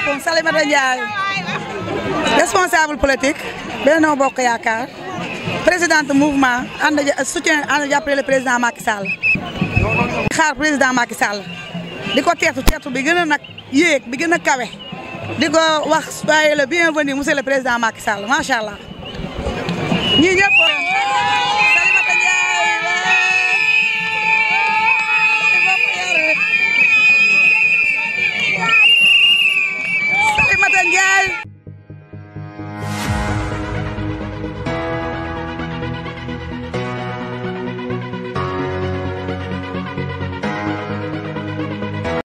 asalaamaaleykum Salimata Ndiaye responsable politique Benno Bokk Yaakaar présidente mouvement ànd soutien ànd jàppale le président Macky Sall xaar président Macky Sall di ko teetu teetu bi gën a nag yéeg bi gën a kawe di ko wax soyez le bienvenu monsieur le président Macky Sall macha allah ñii ñëpp